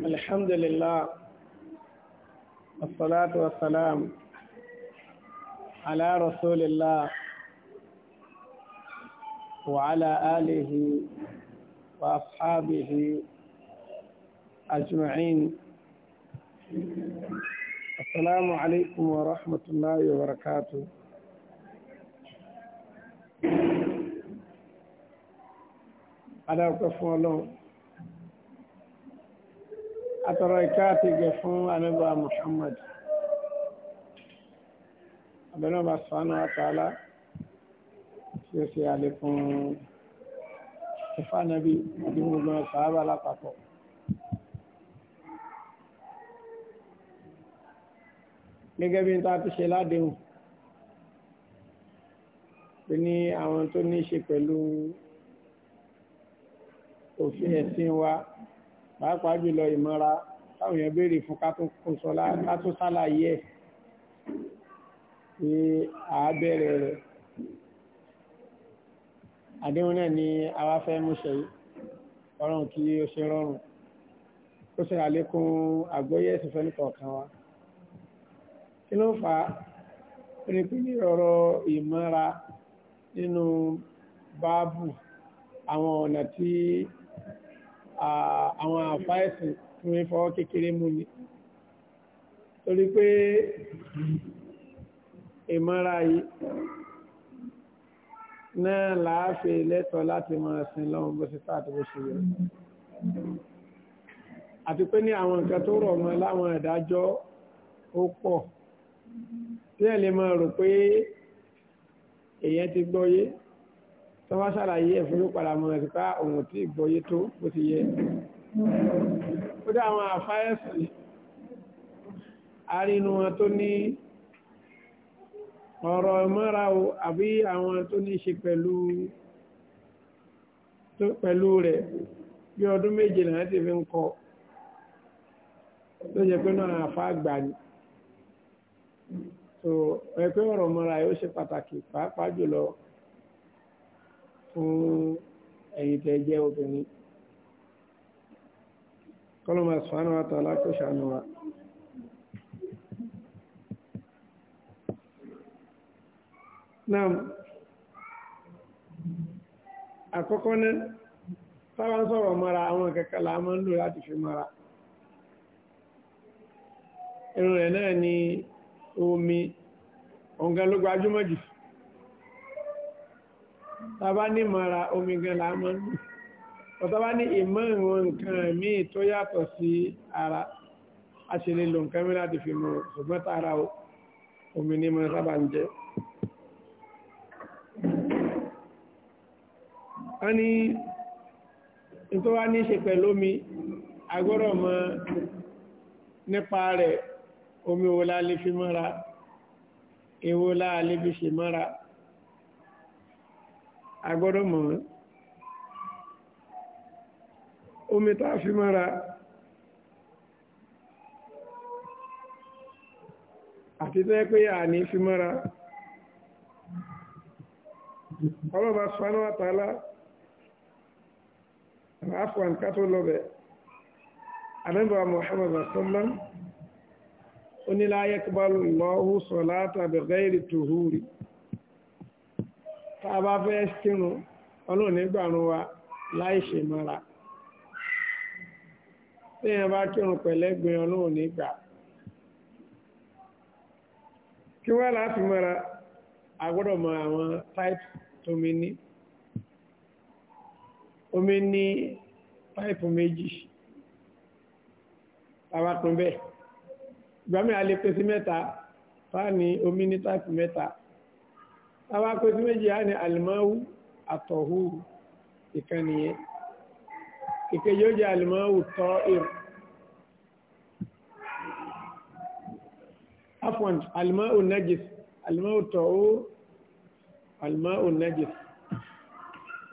الحمد لله والصلاة والسلام على رسول الله وعلى آله وأصحابه أجمعين السلام عليكم ورحمة الله وبركاته أنا أقف الله àtọ̀rọ̀ ìkẹ́ àti ìgẹ̀ fún anábà Muhammad abẹ́nàbà sọ́nà àtàlá tí ó ṣe àlékún ìfànàbí ìdíwọ̀n sàábà lápapọ̀ gẹ́gẹ́ bí n ta ti ṣe ládéhùn pé ní àwọn tó ní ṣe pẹ̀lú òfin ẹ̀sìn wa pàápàá jùlọ ìmọ̀ra táwọn èèyàn béèrè fún kátó sálàyé ẹ̀ ní àábẹ̀rẹ̀ rẹ̀ àdéhùn náà ni àwa fẹ́ mú ṣe yìí ọlọ́run kí ó ṣe rọrùn ó ṣe àlékún àgbóyé ẹ̀sìn fẹ́ni kọ̀ọ̀kan wa kí ló fà á rí pé ọ̀rọ̀ ìmọ̀ra nínú báàbù àwọn ọ̀nà tí àwọn àfáẹ́sì tí wọ́n fọwọ́ kékeré mú ni torí pé ìmọ́ra yìí náà láàáfẹ́ lẹ́tọ̀ láti máa sin lọ́wọ́n bó ṣe tà àti bó ṣe yẹ àti pé ní àwọn nǹkan tó rọ̀ mọ́ láwọn ìdájọ́ ó pọ̀ tí ẹ̀ lè máa rò pé èèyàn ti gbọ́yé tó bá ṣàlàyé ẹ̀fún ló padà mọ̀ ẹ̀sì ká ohun tí ìgbọ́yé tó bó ti yẹ ó dá àwọn àfáẹ́sì arínú wọn tó ní ọ̀rọ̀ mọ́ra o àbí àwọn tó ní ṣe pẹ̀lú rẹ̀ bí ọdún méje náà ti fi ń kọ ló jẹ́ pé náà àfá àgbà ni ẹ̀pẹ́ ọ̀rọ̀ mọ́ra yóò ṣe pàtàkì pàápàá jùlọ fún ẹ̀yin tẹ́ jẹ́ obìnrin kọlọ́mà sùfánà àtọ̀ alákòṣàánà wa náà àkọ́kọ́ náà sábà ń sọ̀rọ̀ mara àwọn kẹkẹlá a máa ń lò láti fi mara irun rẹ̀ náà ni omi ọ̀ngá ló gbajúmọ̀ jù sí tàbá ní mara omi gan la mọ́ ní ọ̀tọ́bá ní ìmọ̀ ìwọ̀n nǹkan míì tó yàtọ̀ sí ara a ṣe lè lo nǹkan mìíràn láti fi mọ̀ ṣùgbọ́n tààrà omi ní mọ́ sábà ń jẹ́ a ní tó wá ní ṣe pẹ̀lú omi agbọ́dọ̀ mọ̀ nípa rẹ̀ omi wo la lè fi mọ́ra èwo la lè fi ṣe mọ́ra agbọ́dọ̀ mọ̀ ọ́n omi tá a fi mọ́ra àti tẹ́ pé àní fi mọ́ra ọlọ́ba sọ́nà àtàlá àfọ̀n ká lọ́bẹ̀ àdẹ́bà Muhammad sallam oníláyẹ́kbálù lọ́hùsọ̀lá tàbí gẹ́rì tá a bá fẹ́ kírun ọlọ́run nígbàrún wa láì ṣe mọ́ra téèyàn bá kírun pẹ̀lẹ́gbin ọlọ́run nígbà kí wọ́n láti mọ́ra a gbọ́dọ̀ mọ àwọn táìpù tómi ní omi ní táìpù méjì tàwa bẹ́ẹ̀ ìgbà mi pèsè mẹ́ta fáà ní omi ní táìpù mẹ́ta àwọn akọ̀tí méjì á ní alimawu àtọ̀húrù ìkànnì yẹn ìkejì ó jẹ́ alimawu tọ́ ìrù afwan alimawu najis alimawu tọ́ ó alimawu najis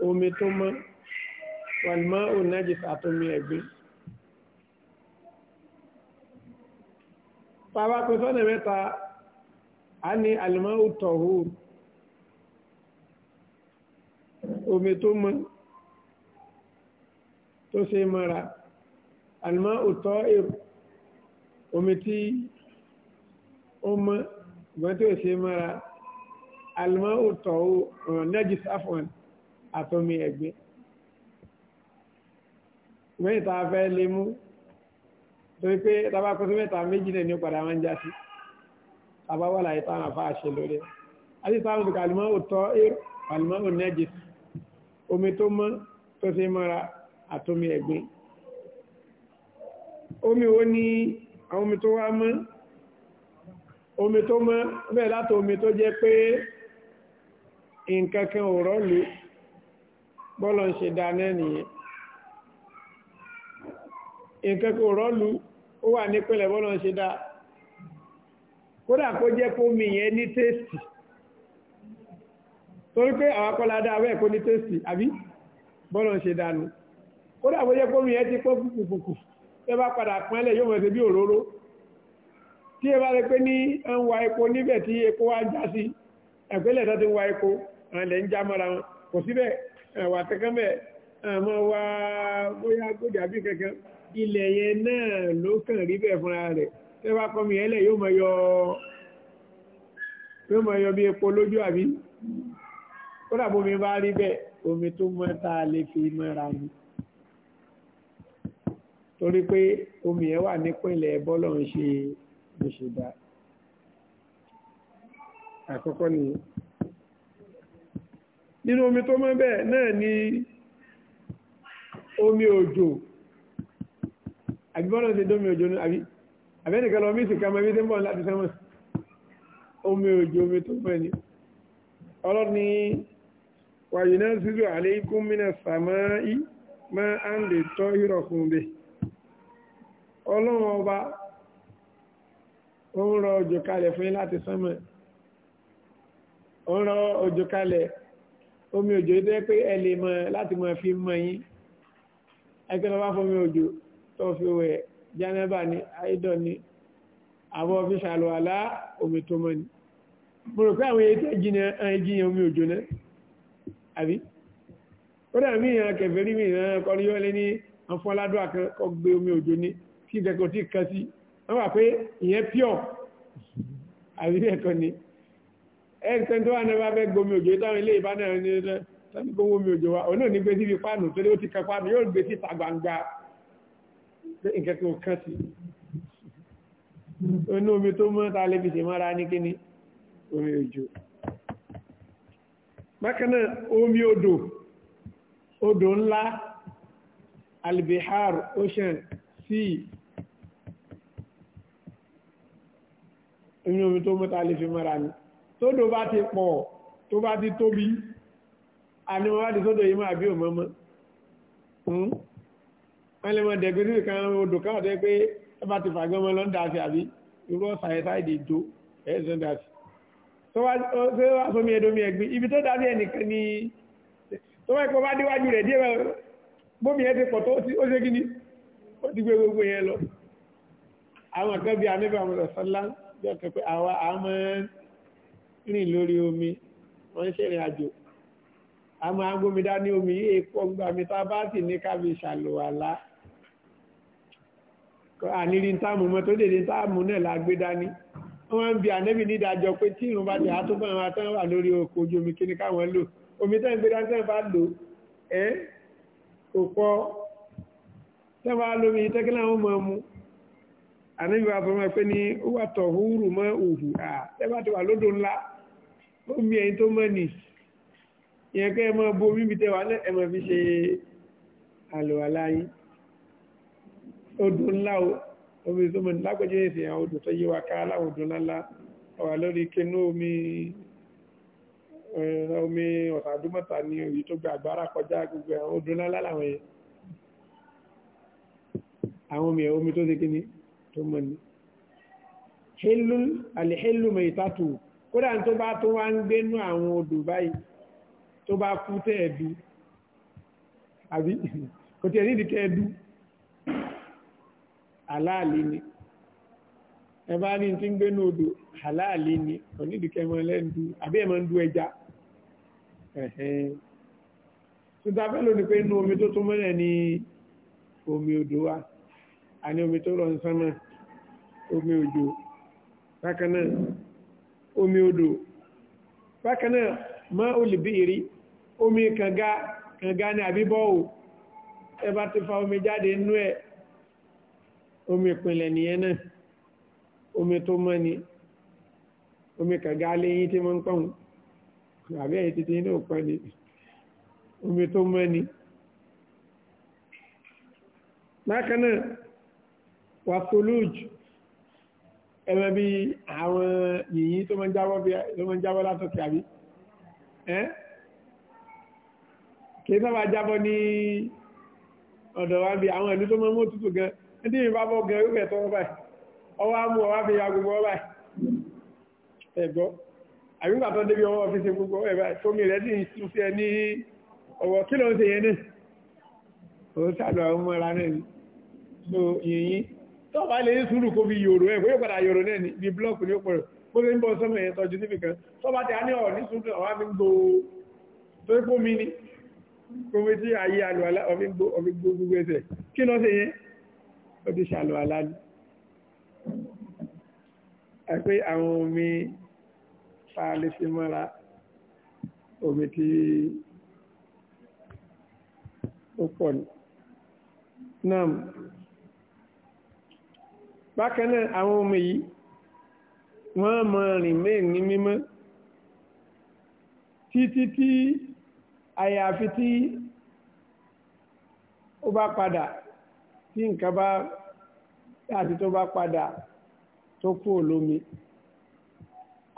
omi tó mọ́ alimawu najis àtomi ẹ̀gbin. pàápàá pé mẹ́ta á ní alimawu tọ̀húrù omi tó mọ́ tó ṣe mọ́ra àlùmọ́ òtọ́ èrò omi tí ó mọ́ ìgbọ́n tí ó ṣe mọ́ra àlùmọ́ òtọ́ ọ̀rọ̀ nẹ́jì sáfọ̀n àtọ́mi ẹ̀gbẹ́ mẹ́ta fẹ́ lè mú torí pé tabakọ́ sí mẹ́ta méjì náà ní padà máa ń já sí àbáwọ́lá ìtàn àfáà ṣe lórí àti táwọn ìkàlùmọ́ òtọ́ èrò àlùmọ́ ònẹ́jì sí omi tó mọ́ tó ṣe mọ́ra àtomi ẹ̀gbin omi wo ni àwọn omi tó wá mọ́ omi tó mọ́ bẹ́ẹ̀ láti omi tó jẹ́ pé nǹkan kan ò rọ́lù bọ́lọ̀ ń ṣe dáná nìyẹn nǹkan ò rọ́lù ó wà nípìnlẹ̀ bọ́lọ̀ ń ṣe dá kódà kó jẹ́ pé omi yẹn ní tẹ́sì torí pé àwọn akọ́lá dá awẹ́ ẹ̀kọ́ ní tẹ́sì àbí bọ́lọ̀ ń ṣe dànù kódà bó jẹ́ kómi ẹ ti pọ́ kùkùkùkù ẹ bá padà pọ́nlẹ̀ yóò mọ̀ sí bí òróró tí ẹ bá rẹ pé ní ń wa epo níbẹ̀ tí epo wá ń já sí ẹ̀pẹ́lẹ̀ tó ti ń wa epo àlẹ̀ ń já mọ́ra wọn kò síbẹ̀ wà kankan bẹ̀ àmọ́ wa bóyá gbòdì àbí kankan ilẹ̀ yẹn náà ló kàn rí bẹ́ẹ̀ fúnra rẹ̀ tẹ́ bá kọ́mi ẹlẹ̀ yóò mọ̀ yọ bí epo lójú àbí kódà bómi bá rí bẹ́ẹ̀ omi tó mọ́ tá a lè fi mọ́ra ni torí pé omi yẹn wà nípìnlẹ̀ bọ́lọ̀ ń ṣe ìṣèdá àkọ́kọ́ nìyẹn nínú omi tó mọ́ bẹ́ẹ̀ náà ni omi òjò àbí bọ́lọ̀ ṣe dómi òjò àbí àbẹ́nìkan lọ mí sì ká mọ́ ibi tí ń bọ̀ láti sẹ́wọ̀n omi òjò omi tó mọ́ ni ọlọ́ni wàyínà sílù àléékún mínà sàmáì máa á ń lè tọ́ ìrọ̀kùn bẹ́ẹ̀ ọlọ́run ọba ó ń rọ òjò kalẹ̀ fún yín láti sánmọ̀ ó ń rọ òjò kalẹ̀ omi òjò tó yẹ pé ẹ lè mọ láti mọ fi mọ yín ẹgbẹ́ lọ́wọ́ fún òjò tó fi wẹ̀ jẹ́nẹ́bà ní àìdọ̀ ní àbọ̀ fi ṣàlùwàlá omi tó mọ́ ni mo rò pé àwọn èyí tẹ́ jiyàn omi òjò náà àbí kódà mí ìran kẹfẹ́rí mi ìran kọrin yóò lé ní afọ́ládùn àkàn kọ́ gbé omi òjò ní kí ìdẹ́kọ̀ tí kan sí wọ́n wà pé ìyẹn pure àbí ẹ̀kọ́ ni ẹ̀ẹ́dẹ́gbẹ́ tó wà náà bá fẹ́ gbomi òjò táwọn ilé ìbá náà ní ẹ̀ tàbí gbogbo omi òjò wa òun ò ní gbé síbi páànù torí ó ti kan páànù yóò gbé síta gbangba nǹkan tó kàn sí inú omi tó ní kíní omi òjò bákanáà omi odò odò ńlá albihar ocean sea inú omi tó mọ́ta lè fi mọ́ra ní tódò bá ti pọ̀ tó bá ti tóbi àníwọ́wádìí sódò yìí máa bí ò mọ́mọ́ hmm? wọ́n lè mọ́ dẹ̀gbẹ́ sí kan odò káwọ̀ tẹ́ pé ẹbá ti fàgbọ́mọ́ lọ́ndà sí àbí irú ọ̀sà ẹ̀sáìdì ìjó ẹ̀ẹ́sọ́ndà sí tó wá sómi ẹ̀dómi ẹ̀gbin ibi tó dábí ẹnìkan ni tó wá ipò bá déwájú rẹ̀ díẹ̀ bómi ẹ̀ ti pọ̀ tó ó ṣe kí ni ó ti gbé gbogbo yẹn lọ àwọn kan bí amẹ́bí àwọn ọ̀sánlá jọ kẹ pé àwa a máa ń rìn lórí omi wọ́n ń ṣèrìn àjò a máa ń omi yìí èèpọ̀ a bá sì ní kábi ṣàlùwàlá àníri táàmù wọ́n bí ànẹ́bì ní ìdájọ́ pé tí ìrùn bá jẹ́ àtúbọ̀ àwọn atán wà lórí ọkọ̀ ojú omi kí ní káwọn lò omi tẹ́ ń gbé dá tẹ́ẹ̀ bá lò ẹ́ kò pọ̀ tẹ́ bá lómi tẹ́kí láwọn mọ̀ mu ànẹ́bì wà fún wọn pé ní ó wà tọ̀ húrù mọ́ òhù à ti wà lódò ńlá ó ẹ̀yìn tó mọ̀ nì ìyẹn kẹ́ ẹ mọ bo omi tẹ́ wà ẹ mọ fi ṣe àlùwàlá yín odò ńlá o omi tó mọ̀ lágbẹ̀jẹ́ ìsìn àwọn odò tó yíwa ká láwọn odò lálá ọ̀wà lórí kínú omi eh, omi ọ̀sàdúmọ̀ta ni èyí tó gba àgbára kọjá gbogbo àwọn odò lálá làwọn yẹn àwọn omi omi tó ṣe kíní tó mọ̀ ní àlèhélù mọ̀ ìtàtù kódà tó bá tó wá ń gbénú àwọn odò báyìí tó bá kú tẹ́ẹ̀dú àbí kò tiẹ̀ nídìí kẹ́ẹ̀dú aláàlì ni ẹ bá ní tí ń gbé ní odò aláàlì ni onídìkẹ́ mọ́ lẹ́nu àbí ẹ̀ máa ń du ẹja títa fẹ́ lónìí pé inú omi tó tó mọ́lẹ̀ ní omi odò wa a ní omi tó lọ sánmà omi òjò bákan náà omi odò bákan náà má olùbíìrí omi kànga kànga ní àbíbọ́ọ̀ ẹ bá ti fa omi jáde nínú ẹ̀ omi ìpínlẹ̀ nìyẹn náà omi tó mọ́ ni omi kàga aléyìn tí wọ́n ń pọ̀n àbí ẹ̀yìn títí ní òpin ni omi tó mọ́ ni. bákan náà wà solúùjù ẹmọ bí àwọn yìnyín tó máa ń jábọ́ látòkè àbí kì í sábà jábọ́ ní ọ̀dọ̀ wa bí àwọn ìlú tó máa ń mú gan-an ní ìbábọ̀ gan irúfẹ́ tó wọ́n báyìí ọwọ́ á mú ọwá fi ya gbogbo ọ báyìí ẹ̀gbọ́ àyùgbà tó débi ọwọ́ fi ṣe gbogbo ẹ̀ báyìí tómi rẹ̀ sì tún sí ẹ ní ọwọ́ kí ló ń ṣe yẹn náà òun ṣàlọ́ àwọn ọmọ ara náà ni so yìnyín tó bá lè ní sùúrù kó fi yòrò ẹ̀ bóyá padà yòrò náà ni bí blọọkù ní ó pọ̀rọ̀ bó ṣe ń bọ́ sọ́mọ ẹ̀yẹ tọ́jú níbi kan tó bá ti á ní ọ̀ ní sùúrù ọ̀wá mi ń gbòó tó ń pò mí ni kòmí ayé àlùwàlá ọ̀mí gbogbo ẹsẹ̀ kí lọ́ sí yẹn ó ti ṣàlù aláàdì àpé àwọn omi fàálì sí mọ́ra omi tí ó pọ̀ ní náà bákan náà àwọn omi yìí wọ́n mọ rìn mẹ́rin ní mímọ́ títí tí àyàfi tí ó bá padà tí nǹkan bá àti tó bá padà tó kú olómi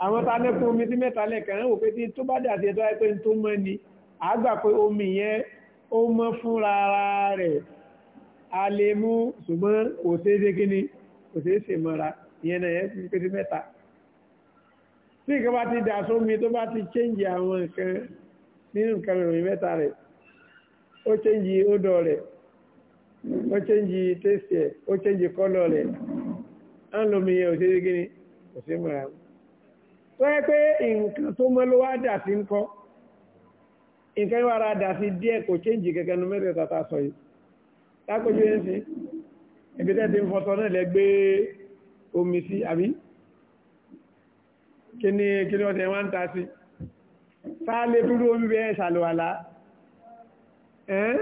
àwọn tá a lẹ́kún omi sí mẹ́ta lẹ́ẹ̀kan rẹ̀ wò pé tí tó bá dà sí ẹ̀tọ́ ẹ̀pẹ́ tó mọ́ ni a gbà pé omi yẹn ó mọ́ fúnra rẹ̀ a lè mú ṣùgbọ́n kò ṣeé ṣe kí ni kò ṣeé ṣe mọ́ra ìyẹn náà yẹn fi pé sí mẹ́ta tí nǹkan bá ti dà sómi tó bá ti chéǹjì àwọn nǹkan nínú nǹkan ìròyìn mẹ́ta rẹ̀ ó chéǹjì ódò rẹ̀ ó chẹ́njì tẹ́sì ẹ̀ ó chẹ́njì kọ́lọ̀ rẹ̀ á ń lomi yẹn òṣèré gíní kò sí mọ̀ra tó yẹ pé nǹkan tó mọ́ ló wá dà sí ń kọ́ nǹkan yóò ara dà sí díẹ̀ kò chẹ́njì kẹ̀kẹ́ nu mẹ́rin tata sọ yìí lákòjú yẹn sí ibi tẹ́ ti ń fọṣọ náà lẹ gbé omi sí àbí kí ni kí ni wọ́n ti wá ń ta sí sáà dúró omi bẹ́ẹ̀ ṣàlùwàlá ẹ́n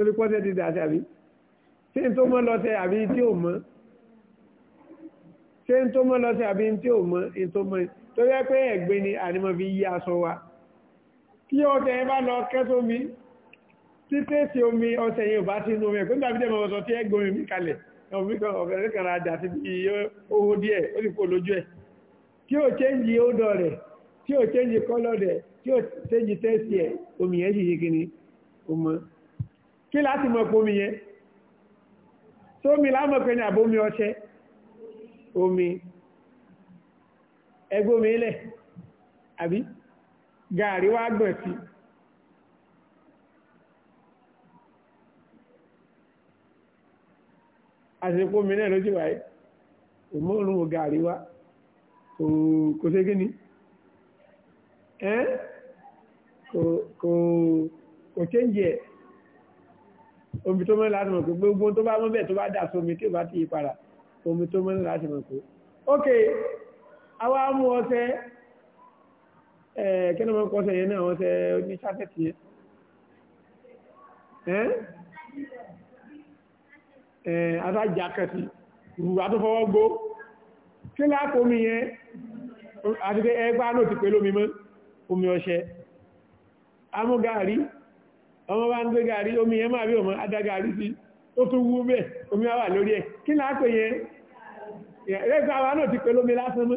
torí pọ́tẹ́ ti dà sí àbí ṣé n tó mọ́ lọ tẹ àbí tí ò mọ́ ṣé n tó mọ́ lọ tẹ àbí tí ò mọ́ n tó mọ́ torí pé ẹ̀gbẹ́ ni ànímọ́ fi yí aṣọ wa kí ọ̀tẹ̀ ẹ bá lọ kẹ́tọ́ mi títẹ́sí omi ọ̀sẹ̀ yìí ò bá sínú omi ẹ̀kọ́ nígbàbí dẹ̀mọ̀ ọ̀sọ̀ tí ẹgbọ́n mi kalẹ̀ ọ̀fẹ́rẹ́ kan kí láti mọ̀ pé omi yẹn sómi lámọ̀ pé ní àbómi ọṣẹ omi ẹgbómi ilẹ̀ àbí gààrí wá gbọ̀n sí àsìkò omi náà lójú wáyé òmóòrùn gààrí wá kò ṣe kí ẹ́ kò kò kò ṣe ń jẹ́ ẹ̀ omi tó mọ́lẹ̀ láti mọ̀ pé gbogbo tó bá mọ́bẹ̀ tó bá dà sómi tí ò bá ti yí padà omi tó mọ́lẹ̀ láti mọ̀ pé ok àwa mú ọṣẹ ẹ̀ kí ni wọ́n kọ́ ọṣẹ yẹn náà ọṣẹ ní sátẹ̀tì yẹn ẹ̀ adájà kẹsì rùwà tó fọwọ́ gbó kí láàkó omi yẹn àti pé ẹgbàá náà ti pé lómi mọ́ omi ọṣẹ amúgáàrí ọmọ bá ń gbé gàrí omi yẹn máa bí ọmọ adágàrí sí ó tún wú bẹ́ẹ̀ omi wà lórí ẹ̀ kí náà pè yẹn rẹ́gbẹ́ àwa náà ti pè lómi lásán mú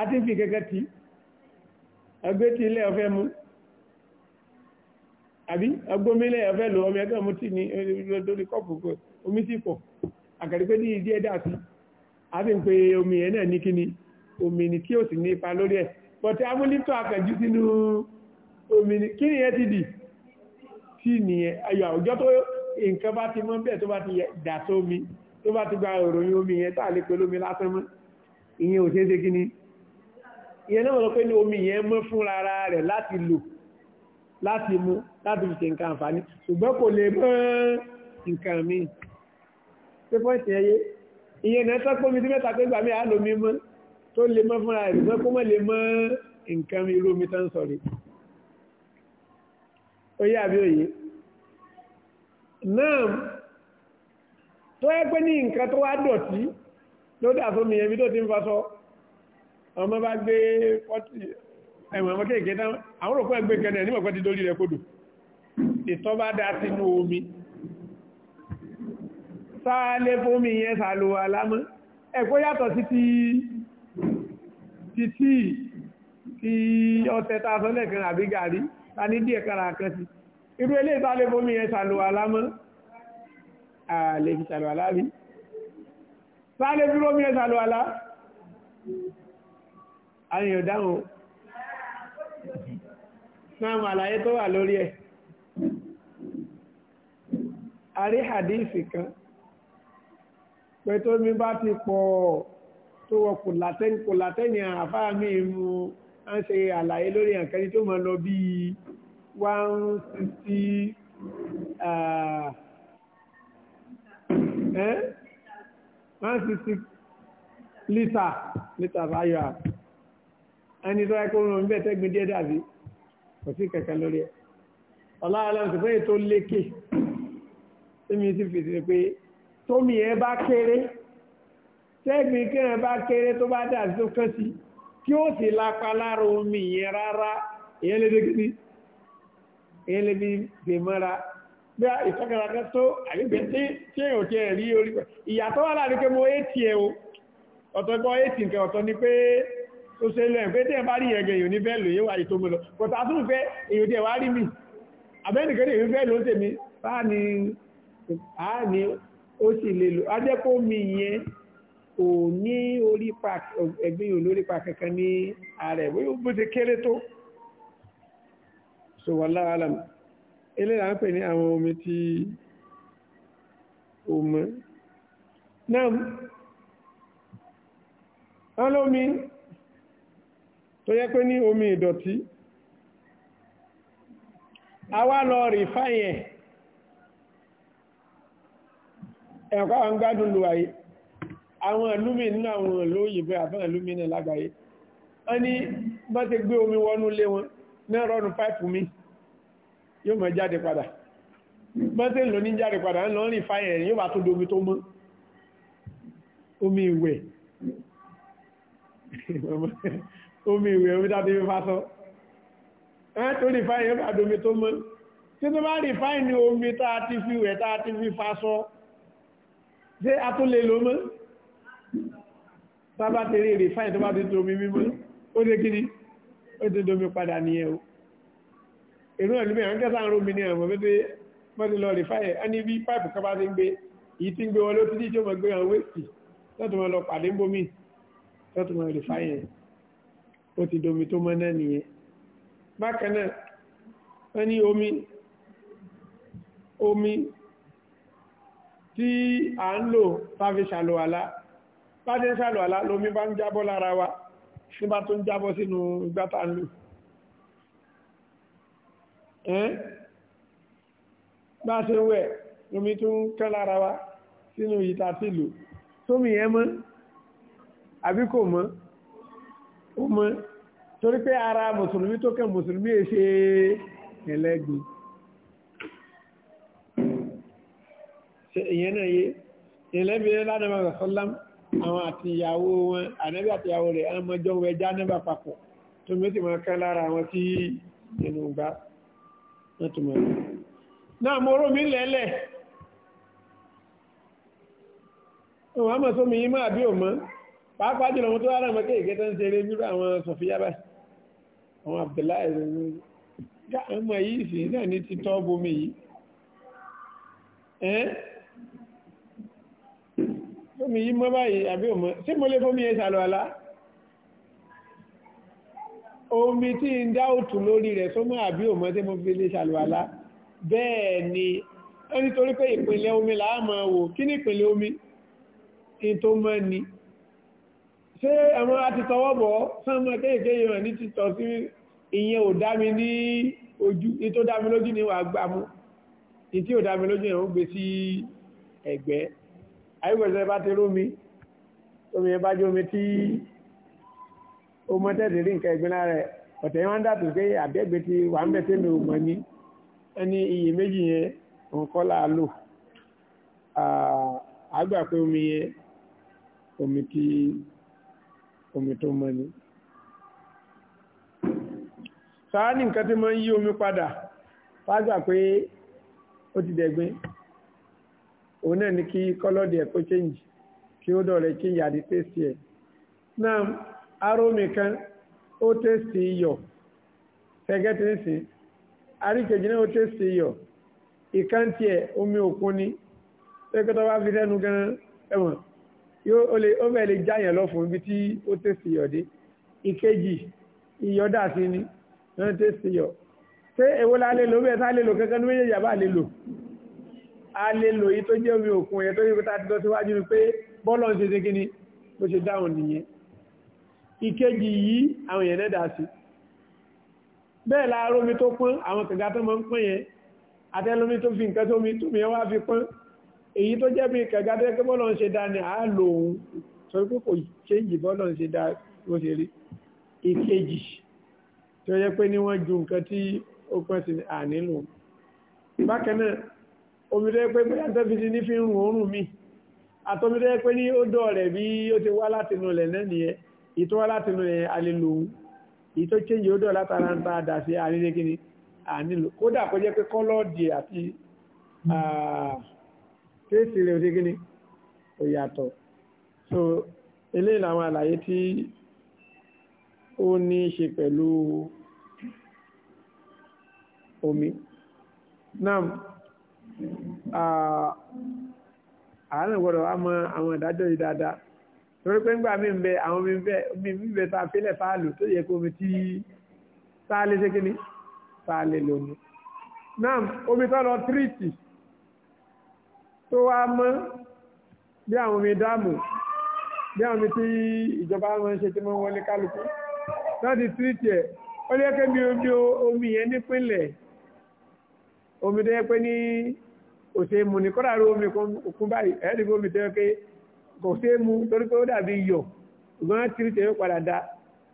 àti fi kẹ́kẹ́ tí ẹgbẹ́ tí ilé ọ̀fẹ́ mú àbí agbómílẹ̀ ọ̀fẹ́ lò ọmọ ẹgbẹ́ mú tí ní lórí kọ́pù omi ti pọ̀ àkàrípé ní ìdí ẹ̀dá sí àti ń pe omi ẹ̀ náà ní kíni omi ni tí ó sì ní ipa lórí ẹ̀ bọ̀tí amúlítọ́ akẹ́jú sínú omi ni kíni ẹ ti dì tí ni ayọ̀ àwùjọ tó nǹkan bá ti mọ́ bẹ́ẹ̀ tó bá ti dà sómi tó bá ti gba ìròyìn omi yẹn tàà lè pẹ̀lú lásán mọ́ ìyẹn ò ṣeéṣe kí ni ìyẹn náà lọ pé ní omi yẹn mọ́ fún rárá rẹ̀ láti lò láti mú láti fi ṣe nǹkan àǹfààní ṣùgbọ́n kò lè mọ́ nǹkan mi ṣé pọ́ǹtì ẹyẹ ìyẹn náà tọ́ pé omi tí mẹ́ta pé gbà mí àá lomi mọ́ tó lè mọ́ fúnra rẹ̀ ṣùgbọ́n kó mọ́ lè mọ́ nǹkan mi irú omi tán sọ̀rọ̀ oyé àbí òye náà tó yẹ pé ní nǹkan tó wá dọ̀tí ló dà sómi ẹbí tó ti ń fasọ ọmọ bá gbé pọ́tì ẹ̀wọ̀n ọmọ kéèké tán àwọn òkú ẹgbẹ́ kẹ́nẹ̀ nígbà pẹ́ ti dórí rẹ̀ kodò ìtọ́ bá dá sínú omi sáálé fómi yẹn sàlò alámọ́ ẹ̀kọ́ yàtọ̀ sí ti ti tí ti ọ̀tẹ̀ tá àbí gàrí ta ní díẹ̀ kára kan sí irú ilé ìbálẹ̀ bómi yẹn sàlò alámọ́ àlè fi sàlò alá bí sàlẹ̀ fi bómi yẹn sàlò alá àyàn dáhùn náà mà àlàyé tó wà lórí ẹ̀ a rí hadithi kan pé tómi bá ti pọ̀ tó wọ kùlàtẹ́ni kùlàtẹ́ni àfáà mi mú un ń ṣe àlàyé lórí àǹkẹ́ni tó máa lọ bí one sixty one sixty litre litre ayọ̀ à ẹni tó yẹ kó rọrùn níbẹ̀ tẹ́gbin díẹ̀ dàbí kò sí kankan lórí ẹ̀ ọláàlọ́n sì fún ètò lékè tẹ́mi sì fèsì ni pé tómi ẹ bá kéré tẹ́gbin kéré bá kéré tó bá dàbí tó kán sí i tí ó sì lápá lára omi yẹn rárá èyàn lè dégí ní èyàn lè bí dèmọ́ra bí ìtọ́kẹ̀lákẹ́ tó àgbègbè tí èyàn jẹ́ rí orí pẹ̀ ìyàtọ̀ wà láàrin pé mo éètì ẹ̀ o ọ̀tọ̀ gbọ́ éètì nǹkan ọ̀tọ̀ ni pé ó ṣe lẹ́yìn pé tẹ́yàn bá rí ẹ̀gẹ̀ èyàn ní bẹ́ẹ̀ lò yíwá ètò mi lọ kọ̀tà tún fẹ́ èyàn jẹ́ wá rí mi àbẹ́nìkan èyàn fẹ́ ló ń tèmi báà ni ó sì lè lò á jẹ́ kó mi yẹn kò ní orí pa ẹ̀gbìn ò lórí pa kankan ní ààrẹ bóyá bó ṣe kéré tó so wallahu alam eléyà ń pè ní àwọn omi tí o mọ́ náà wọ́n lómi tó yẹ pé ní omi ìdọ̀tí àwa lọ rí fáyẹ̀ ẹ̀kọ́ àwọn gbádùn lùwàyé àwọn ìlúmì nínú àwọn ìlú òyìnbó àbọn ìlúmì náà lágbàáyé wọ́n ní bá ti gbé omi wọnú lé wọn náà rọrùn páìpù mi yóò mọ̀ jáde padà bá ti lò ní jáde padà ń lọ rìn fáyẹ̀ rìn yóò bá tó domi tó mọ́ omi ìwẹ̀ omi ìwẹ̀ omi tàbí fásọ́ ẹ́ tó rìn fáyẹ̀ yóò bá domi tó mọ́ tí tó bá rìn fáyẹ̀ ní omi tàà fásọ́ bábá tẹ̀lé èrè fáyìn tó bá ti domi mímọ́ ó dé kí ni ó ti domi padà nìyẹn o èrò ẹ̀lú mi àwọn kẹsàn-án rómi ní àwọn ọmọdé mọ́tò lọ rè fáyìn á ní bí páìpù kan bá ti ń gbé èyí tí ń gbé wọn ló ti díjọ́ gbé àwọn wéèkì lọ́tọ̀ mọ̀ lọ pàdé ń bomi lọ́tọ̀ mọ̀ rè fáyìn ó ti domi tó mọ́ náà nìyẹn bákan náà wọ́n ní omi omi tí à ń lò fáfi ṣàlùwàlá bájẹ́ ń sàlọ̀ àlá lómi bá ń jábọ́ lára wa sí bá tó ń jábọ́ sínú ìgbátà ń lò bá ṣe wẹ̀ lómi tó ń kán lára wa sínú ìta tí lò tómi yẹn mọ́ àbí kò mọ́ ó mọ́ torí pé ara mùsùlùmí tó kẹ́ mùsùlùmí è ṣe ẹlẹ́gbìn ṣe ìyẹn náà yé ìlẹ́bìnrin ládàmà sọ́lámù àwọn àtìyàwó wọn ànẹ́bí àtìyàwó rẹ̀ ọmọjọ́ wẹjá nẹ́bà papọ̀ tó mẹ́tì máa kán lára àwọn tí ẹnu gbá látùmọ̀ náà mo rò mí lẹ́lẹ̀ òun àmọ̀ tó mi yí máa bí òmọ́ pàápàá jùlọ mo tó wá lọ́mọ kéèkéé tó ń ṣeré bí àwọn sọ̀fíyà báyìí àwọn Abdullahi ọmọ yìí sì náà ní títọ́ bomi yìí omi yí mọ́ báyìí àbí òmọ́ tí mo lè fómi ẹ̀ṣà lọ àlá omi tí ń dá òtù lórí rẹ̀ sọ́mọ́ àbí òmọ́ tí mo fi lè ṣàlù àlá bẹ́ẹ̀ ni ó nítorí pé ìpínlẹ̀ omi láàmọ́ wò kí ní ìpínlẹ̀ omi in tó mọ́ ni ṣé àwọn àti tọwọ́bọ̀ sánmọ́ kéèké ìràn ní títọ́ sí ìyẹn ò dá mi ní ojú ní tó dá mi lójú ni wà gbámú ní tí ò dá mi lójú ni ó gbé sí ẹ̀gbẹ́ àyíkọ̀sẹ̀ bá ti rómi omi ẹ bá jẹ́ omi tí ó mọ́ tẹ́tẹ̀ rí nǹkan ẹ̀gbin lára ẹ̀ ọ̀tẹ̀ yẹn wọ́n dàtò pé àbẹ́gbẹ́ ti wà ń bẹ̀ tí mi ò mọ̀ ní ẹni iyè méjì yẹn nǹkan là á lò àgbà pé omi yẹn omi tí omi tó mọ́ ni. sáà ní nǹkan tí mo ń yí omi padà fágbà pé ó ti dẹ̀gbin òun náà ni kí kọ́lọ́dì ẹ̀ kó change kí ó dọ̀rẹ́ change àti taste ẹ̀. náà arómi kan ó taste iyọ̀ fẹ́gẹ́tì nísìn àríkèjì náà ó taste iyọ̀ ìkántì ẹ̀ omi òkun ni pẹ́kẹ́tọ́ wá fi sẹ́nu gan ẹ̀wọ̀n yóò ó fẹ́ lè jáyàn lọ́fun ibi tí ó taste iyọ̀ dé ìkejì iyọ̀ dà sí ni wọ́n taste iyọ̀ ṣé èwo la lò bẹ́ẹ̀ tá lè lò kankan ní méjèèjì àbá lè lò a lè lò yí tó jẹ́ omi òkun ẹ̀ tó yí pẹ́ta ti lọ́síwájú ni pé bọ́ọ̀lọ́ ṣe ṣe kíni bó ṣe dáhùn nìyẹn ìkejì yìí àwọn èèyàn nẹ́dà sí bẹ́ẹ̀ láàárọ̀ omi tó pọ́n àwọn kẹ̀gá tó máa ń pọ́n yẹn àtẹ́lómi tó fi nǹkan tómi tómi yẹn wá fi pọ́n èyí tó jẹ́ bí kẹ̀gá tó yẹ pé bọ́ọ̀lọ́ ṣe dá ni àá lò òun sọ pé kò ṣe yìí bọ́ọ̀lọ́ ṣe dá bó ṣe rí ìkejì tó yẹ pé ní wọ́n ju nǹkan tí ó pọ́n sí ànílò bákan náà omi tó yẹ pé bóyá tó fi ti ní fi ń rùn òórùn mi àtọ́mi tó yẹ pé ní ó dọ̀ rẹ̀ bí ó ti wá láti inú ilẹ̀ náà nìyẹn ìtò wá láti inú ilẹ̀ àlelò ìtò change ó dọ̀ látara ń ta àdà sí ànílò kódà kó jẹ́ pé kọ́lọ́ọ̀dì àti tẹ́sì rẹ̀ òde kíni yàtọ̀ so eléyìí làwọn àlàyé tí ó ní í ṣe pẹ̀lú omi náà àárín gbọ́dọ̀ wá mọ àwọn ìdájọ́ yìí dáadáa torí pé ńgbà mí ń bẹ àwọn mi ń bẹ omi mi ń bẹ tá a fílẹ̀ tá a lò tó yẹ kó omi tí tá a lè ṣe kíni tá a lè lò ní. náà omi tó tírìtì tó wá mọ́ bí àwọn omi dáàmù bí àwọn omi tí ìjọba máa ṣe tí wọ́n wọlé kálukú láti tírìtì ẹ̀ ó lé kébí omi yẹn nípínlẹ̀ omi tó yẹ pé ní. kò ṣe ní omi òkun báyìí ẹ̀ẹ́dì bí omi tẹ́wọ́ pé kò ṣe mú torí pé ó dàbí yọ̀ ṣùgbọ́n tí padà dá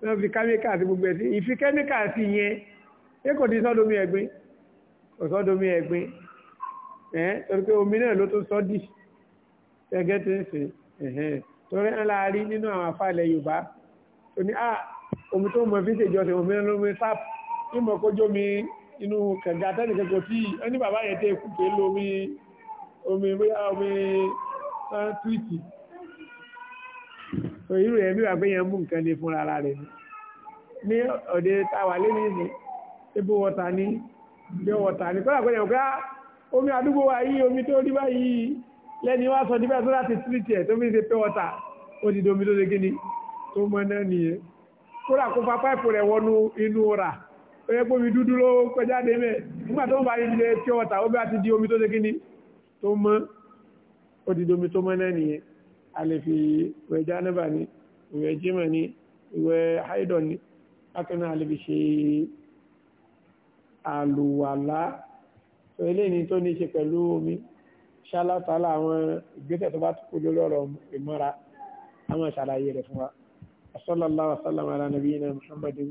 wọ́n fi kẹ́míkà sí gbogbo ẹ̀ ìfi kẹ́míkà sí yẹn ṣé kò ní sọ́domi ẹ̀gbin kò sọ́domi ẹ̀gbin ẹ̀ torí pé omi náà ló tún sọ́ dì ẹgẹ́ tí ń sè torí ńlá rí nínú àwọn afálẹ̀ Yorùbá ní ah, omi tó mọ omi inú kẹ̀gà tẹ́nìkẹ́kọ̀ tí ẹni bàbá yẹn tẹ́ kú pé lómi omi bóyá omi túwìtì so irú ẹ̀ bí wà pé yẹn mú nǹkan lè fún ara rẹ̀ ní ọ̀dẹ táwà lé ní ìsìn ebó wọ́ta ní bí wọ́ta ní kọ́lá pẹ́lẹ̀ ọ̀gá omi àdúgbò wa yí omi tó rí báyìí lẹ́ni wá sọ níbẹ̀ tó láti tírìtì ẹ̀ tó fi ń ṣe pé wọ́ta ó ti domi tó ṣe kíni tó mọ náà nìyẹn kódà kó fa páìpù pé pómi dúdú ló pẹjáde mẹ́ nígbà tó ń bá ilé tí ó wọ́ta ó bá ti di omi tó dékíní tó mọ́ ó ti di omi tó mọ́ náà nìyẹn a lè fi ìwẹ̀ jánẹ́bà ní ìwẹ̀ jímọ̀ ní ìwẹ̀ haidọ̀ ní akẹ́nà a lè fi ṣe àlùwàlá tó ilé ní tó ní ṣe pẹ̀lú omi ṣálátàlá àwọn ìgbésẹ̀ tó bá kú lọ́rọ̀ ìmọ́ra àwọn ìṣàlàyé rẹ̀ fún wa sallallahu alaihi wa sallam ala nabiyina muhammadin